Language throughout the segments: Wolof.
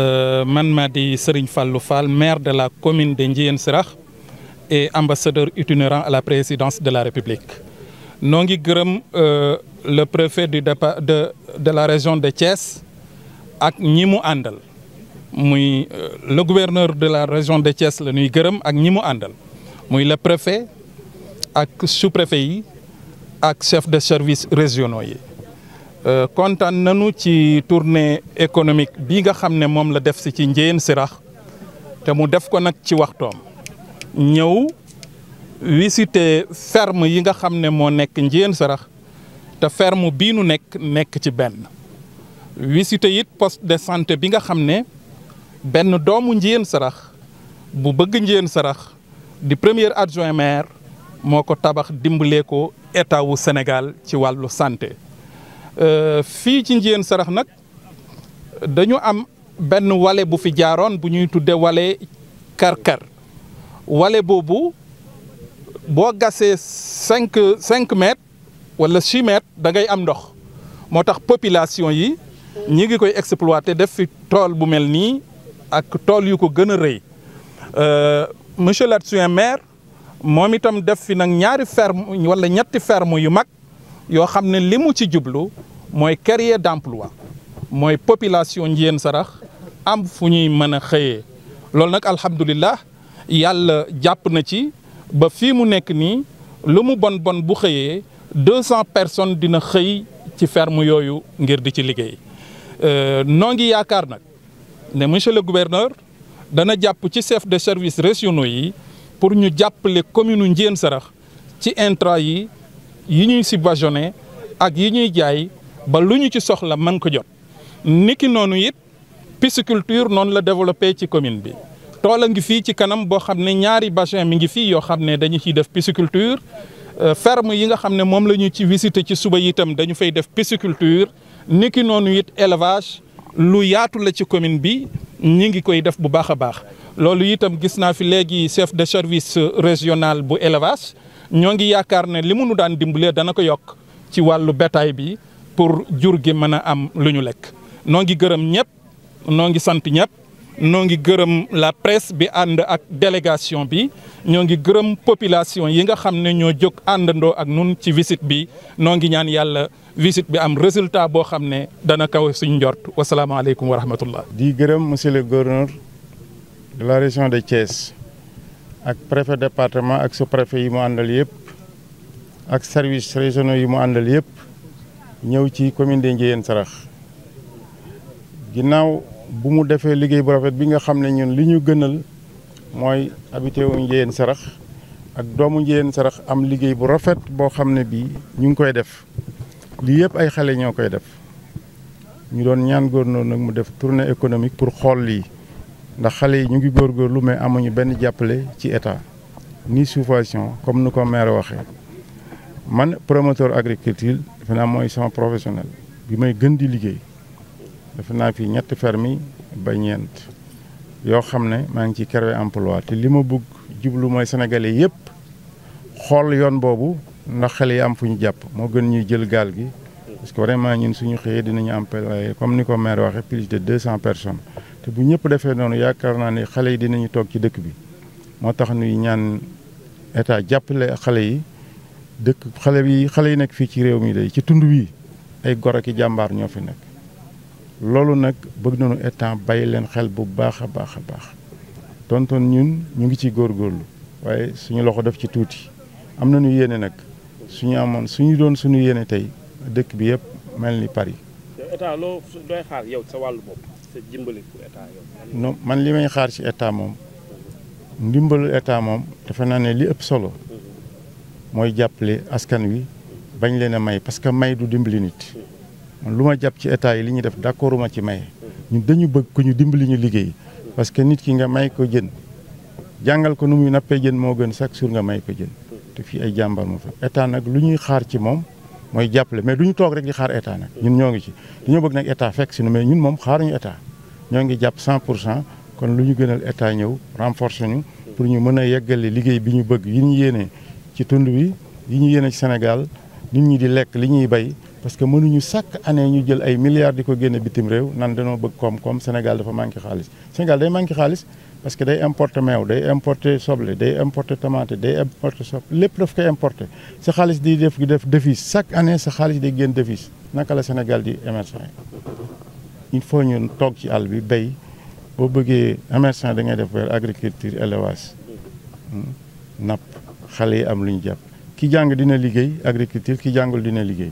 Euh, man maa di Serigne Fallou Fall maire de la commune de Ndiéyène Sirakh et ambassadeur utinerant à la présidence de la République noo ngi gërëm euh, le préfet du départ de de la région de Thiès ak ñi mu àndal muy euh, le gouverneur de la région de Thiès la ñuy gërëm ak ñi mu àndal muy le préfet ak sous-préfet yi ak chef de service régionaux yi Euh, kontaan nañu ci tournée économique bi nga xam ne moom la def si ci Ndiéyène Sirah te mu def ko nag ci waxtoom ñëw visiter ferme yi nga xam ne moo nekk Ndiéyène sarax te ferme bii nu nekk nekk ci benn visiter it poste de santé bi nga xam ne benn doomu Ndiéyène sarax bu bëgg Ndiéyène sarax di premier adjoint maire moo ko tabax dimbalee ko état wu Sénégal ci wàllu santé Euh, fii ci Ndiéyène Sarax nag dañu am benn wale bu fi jaaroon bu ñuy tudde wale Karkar wale boobu boo gasee cinq cinq mètres wala six mètres da ngay am ndox moo tax population yi ñi ngi koy exploiter def fi tool bu mel nii ak tool yu ko gën a rëy euh, monsieur l'adjoint maire moom itam def fi nag ñaari ferme wala ñetti ferme yu mag yoo xam ne li mu ci jublu mooy carrière d'emploi mooy population Ndiéyène Sarax am fu ñuy mën a xëyee loolu nag alhamdulilah yàlla jàpp na ci ba fii mu nekk nii lu mu bon bon bu xëyee deux cent personnes dina xëy ci ferme yooyu ngir di ci liggéey euh, noo ngi yaakaar nag ne monsieur le gouverneur dana jàpp ci chef de service régionaux yi pour ñu jàppale commune Ndiéyène Sarax ci intrant yi yi ñuy subventionné ak yi ñuy jaay ba lu ñu ci soxla mën ko jot niki noonu it pisciculture noonu la développé ci commune bi tool a ngi fii ci kanam boo xam ne ñaari bassin mi ngi fii yoo xam ne dañu ciy def pisciculture euh, ferme yi nga xam ne moom la ñu ci visité ci suba itam dañu fay def pisciculture niki noonu it élevage lu yaatu la ci commune bi ñi ngi koy def bu baax a baax loolu itam gis naa fi léegi chef de service régionale bu élevage ñoo ngi yaakaar ne li munu daan dimbalee dana ko yokk ci wàllu bétail bi pour jur gi mën a am lu ñu lekk noo ngi gërëm ñëpp noo ngi sant ñëpp noo ngi gërëm la presse bi ànd ak délégation bi ñoo ngi gërëm population yi nga xam ne ñoo jóg àndandoo ak nun ci visite bi noo ngi ñaan yàlla visite bi am résultat boo xam ne dana kaw suñ njort wasalaamaaleykum wa rahmatullah di gërëm monsieur le gouverneur de la région de Thiès ak préfet département ak sous-préfet yi mu àndal yëpp ak service régionaux yi mu àndal yëpp ñëw ci commune de Ndiéyène Sarax ginnaaw bu mu defee liggéey bu rafet bi nga xam ne ñun li ñu gënal mooy habité wu Ndiéyène Sarax ak doomu Ndiéyène Sarax am liggéey bu rafet boo xam ne bii ñu ngi koy def lii yëpp ay xale ñoo koy def ñu doon ñaan góornóor nag mu def tournée économique pour xool lii ndax xale yi ñu ngi lu mais amuñu benn jàppale ci état ni subvention comme nu ko maire waxee man promoteur agriculture defe naa mooy sama professionnel bi may gën di liggéey defe naa fi ñett fermi ba ñeent yoo xam ne maa ngi ci créer emploi te li ma bugg jublu mooy sénégalais yépp xool yoon boobu ndax xale yi am fu ñu jàpp moo gën ñuy jël gaal gi parce que vraiment ñun suñu xëyee dinañu employé comme ni ko maire waxee plus de deux cent personnes te bu ñëpp defee noonu yaakaar naa ni xale yi dinañu toog ci dëkk bi moo tax ñuy ñaan état jàppale xale yi dëkk xale bi xale yi nag fii ci réew mi day ci tund wi ay gor ak jàmbaar ñoo fi nekk loolu nag bëgg nañu état bàyyi leen xel bu baax a baax a baax tonton ñun ñu ngi ciy góorgóorlu waaye suñu loxo def ci tuuti am nañu yéene nag suñu amoon suñu doon suñu yéene tey dëkk bi yëpp mel ni Paris. état yow sa man li may xaar ci état moom ndimbalu état moom defe naa ne li ëpp solo. mooy jàppale askan wi bañ leen a may parce que may du dimbali nit man lu ma jàpp ci état yi li ñuy def d'accord ma ci may ñun dañu bëgg ku ñu dimbali ñu liggéey parce que nit ki nga may ko jën jàngal ko nu muy nappee jën moo gën chaque jour nga may ko jën te fii ay jàmbar mu fa état nag lu ñuy xaar ci moom mooy jàppale mais du ñu toog rek di xaar état nag ñun ñoo ngi ci dañoo bëgg nag état fekk si mais ñun moom xaaruñu état ñoo ngi jàpp 100 pour cent kon lu ñu gënal état ñëw renforcer ñu pour ñu mën a yeggale liggéey bi ñu bëgg yi ñu yéenee ci tund wi yi ñu yéene ci Sénégal nit ñi di lekk li ñuy bay parce que mënuñu chaque année ñu jël ay milliards di ko génne bitim réew nan danoo bëgg koom-koom Sénégal dafa manqué xaalis Sénégal day manqué xaalis parce que day importer meew day importer soble day importer tomate day importer soble lépp daf koy importer sa xaalis di def def devise chaque année sa xaalis day génn devise naka la senegal di émergent il faut ñu toog ci àll bi bay boo bëggee émergent da ngay def agriculture élevage hmm? xale yi am lu ñu jàpp ki jàng dina liggéey agriculture ki jàngul dina liggéey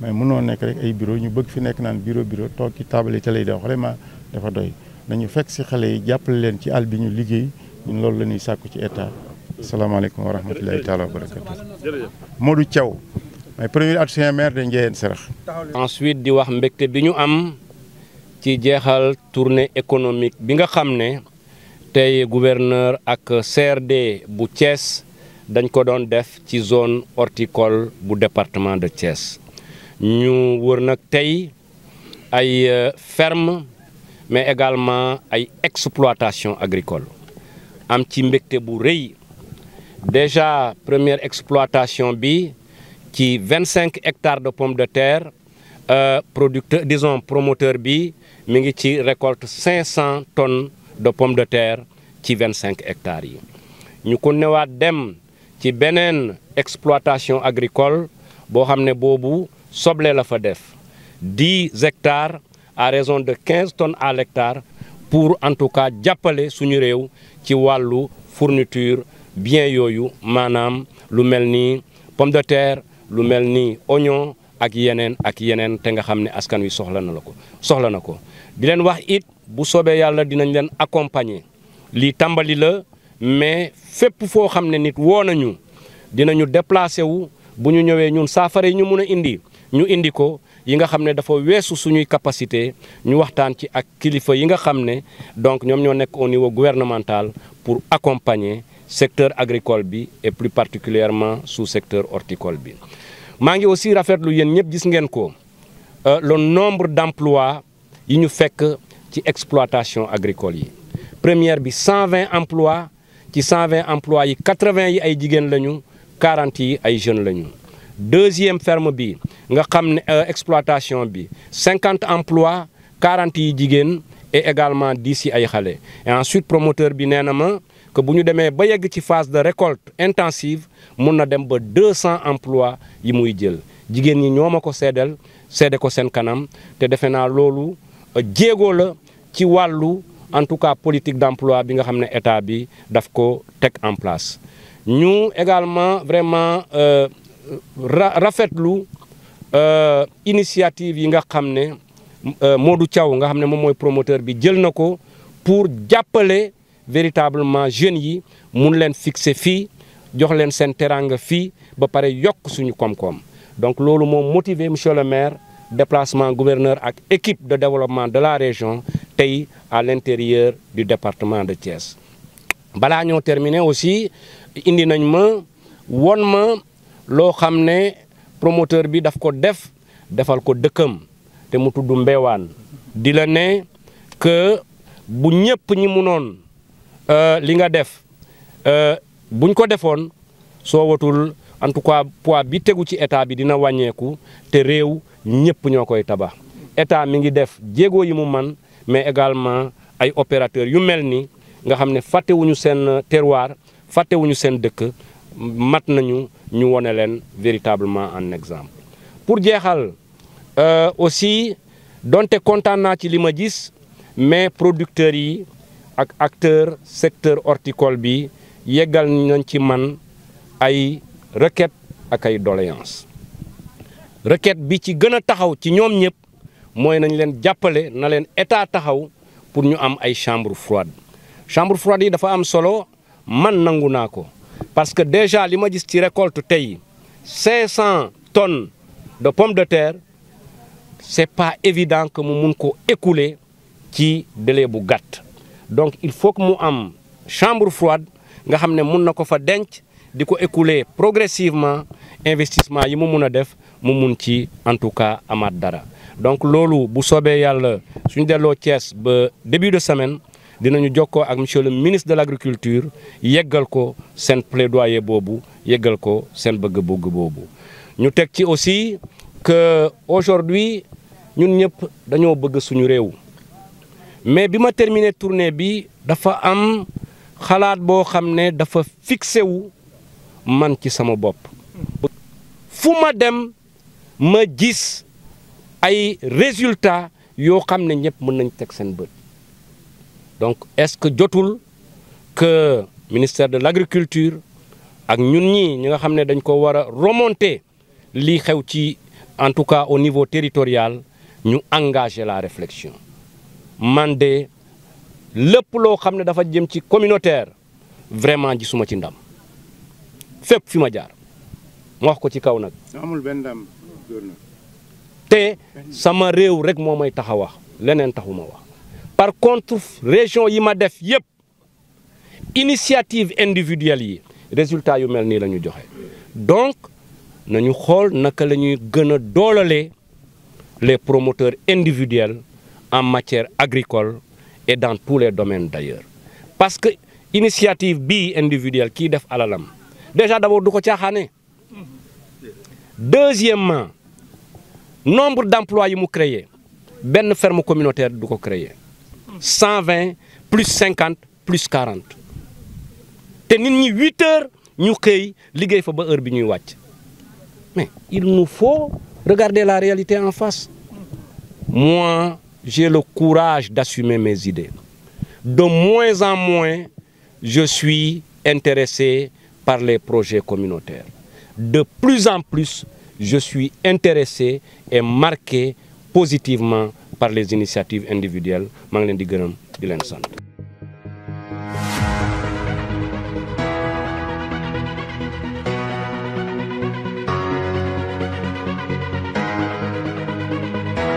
mais mënoo nekk rek ay biro ñu bëgg fi nekk naan biro bureau toog ci taabal yi te lay wax vraiment dafa doy nañu fekk si xale yi jàppale leen ci àll bi ñu liggéey ñun loolu la ñuy sàkku ci état asalaamaaleykum wa rahmatulahi taala wa barakatu Modou Thiaw mooy premier adjoint maire de Ndiéyène Sirakh ensuite di wax mbégte bi ñu am ci jeexal tournée économique bi nga xam ne tey gouverneur ak CRD bu Thiès dañ ko doon def ci zone horticole bu département de Thiès ñu wër nag tey ay euh, ferme mais également ay exploitation agricole am ci mbégte bu rëy déjà première exploitation bi ci vingt cinq hectares de pomme de terre euh, producteur disons promoteur bi mi ngi ci récolte cinq cent tonnes de pomme de terre ci vingt cinq hectares yi ñu ko newaat dem ci beneen exploitation agricole boo xam ne boobu soble la fa def dix hectares à raison de quinze tonnes à l'hectare pour en tout cas jàppale suñu réew ci wàllu fourniture bien yooyu maanaam lu mel ni pomme de terre lu mel ni oignon ak yeneen ak yeneen te nga xam ne askan wi soxla na la ko soxla na ko di leen wax it bu soobee yàlla dinañ leen accompagner lii tàmbali la mais fépp foo xam ne nit woo nañu dinañu déplacé wu bu ñu ñëwee ñun saafara yi ñu mun a indi ñu indi ko yi nga xam ne dafa weesu suñuy capacité ñu waxtaan ci ak kilifa yi nga xam ne donc ñoom ñoo nekk au niveau gouvernemental pour accompagner secteur agricole bi et plus particulièrement su secteur orticole bi. maa ngi aussi rafetlu yéen ñëpp gis ngeen ko euh, le nombre d'emplois yi ñu fekk ci exploitation agricole yi première bi emplois ci 120 emplois yi 80 yi ay jigéen lañu 40 yi ay jeunes lañu. deuxième ferme bi nga xam ne euh, exploitation bi 50 emplois 40 yi jigéen et également di si ay xale et ensuite promoteur bi nee na ma que bu ñu demee ba yegg ci phase de récolte intensive mun na dem ba 200 emplois yi muy jël jigéen ñi ñoo ma ko seedeel seede ko seen kanam te defe naa loolu euh, jéego la ci wàllu. en tout cas politique d'emploi bi nga xam ne état bi daf ko teg en place ñu également vraiment euh, rafetlu euh, initiative yi nga xam ne euh, Modou Thiaw nga xam ne moom mooy promoteur bi jël na ko pour jàppale véritablement jeunes yi mun leen fixer fii jox leen seen teranga fii ba pare yokk suñu koom-koom donc loolu moo motivé monsieur le maire déplacement gouverneur ak équipe de développement de la région tey à l'intérieur du département de Thiès balaa ñoo terminer aussi indi nañ ma won ma loo xam ne promoteur bi daf ko def defal ko dëkkam te mu tudd Mbewaan di la ne bu ñëpp ñi munoon euh, li nga def euh, buñ ko defoon soo watul en tout cas poids bi tegu ci état bi dina wàññeeku te réew ñëpp ñoo koy tabax état mi ngi def jéego yi mu man mais également ay opérateurs yu mel ni nga xam ne fàttewuñu seen terroir fàttewuñu seen dëkk mat nañu ñu wone leen véritablement en exemple. pour jeexal euh, aussi donte kontaan naa ci li ma gis mais producteurs yi ak acteur secteur horticole bi yeggal nañ ci man ay requêtes ak ay doléances requête bi ci gën a taxaw ci ñoom ñëpp. mooy nañ leen jàppale na leen état taxaw pour ñu am ay chambre froide chambre froide yi dafa am solo man nangu naa ko parce que déjà li ma gis ci récolte tey 500 tonnes de pommes de terre c'est pas évident que mu mun ko écouler ci délai bu gàtt donc il faut mu am chambre froide nga xam ne mun na ko fa denc di ko écouler progressivement investissement yi mu mun a def mu mun ci en tout cas amaat dara donc loolu bu soobee yàlla suñu delloo Thiès ba début de semaine dinañu jokkoo ak monsieur le ministre de l' agriculture yeggal ko seen plaidoyer boobu yeggal ko seen bëgg-bëgg boobu. ñu teg ci aussi que aujourd'hui ñun ñëpp dañoo bëgg suñu réew mais bi ma terminé tournée bi dafa am xalaat boo xam ne dafa fixé wu man ci sama bopp. fu ma dem ma gis. ay résultat yoo xam ne ñëpp mën nañ teg seen bët donc est-ce que jotul que ministère de l'agriculture ak ñun ñi ñi nga xam ne dañ ko war a remonter lii xew ci en tout cas au niveau territorial ñu engager la reflexion man de lépp loo xam ne dafa jëm ci communautaire vraiment ji suma ci ndam fépp fi ma jaar ma wax ko ci kaw nag. te sama réew rek moo may tax wax leneen taxuma wax par contre région yi ma def yëpp initiative individuelle yi résultat yu mel nii la ñu joxe donc nañu xool naka la ñuy gën a doolalee les promoteurs individuels en matière agricole et dans tous les domaines d'ailleurs parce que initiative bii individuelle kiy def alalam déjà d'abord du ko caaxaane nombre d'emplois yi mu créer benn ferme communautaire du ko créer cent vingt plus cinquante plus quarante te nit ñi huit heures ñu xëy liggéey fa ba heure bi ñuy wàcc mais il nous faut regarder la réalité en face moi j'ai le courage d'assumer mes idées de moins en moins je suis intéressé par les projets communautaires de plus en plus je suis intéressé et marqué positivement par les initiatives individuelles maa ngi leen di gërëm di leen sant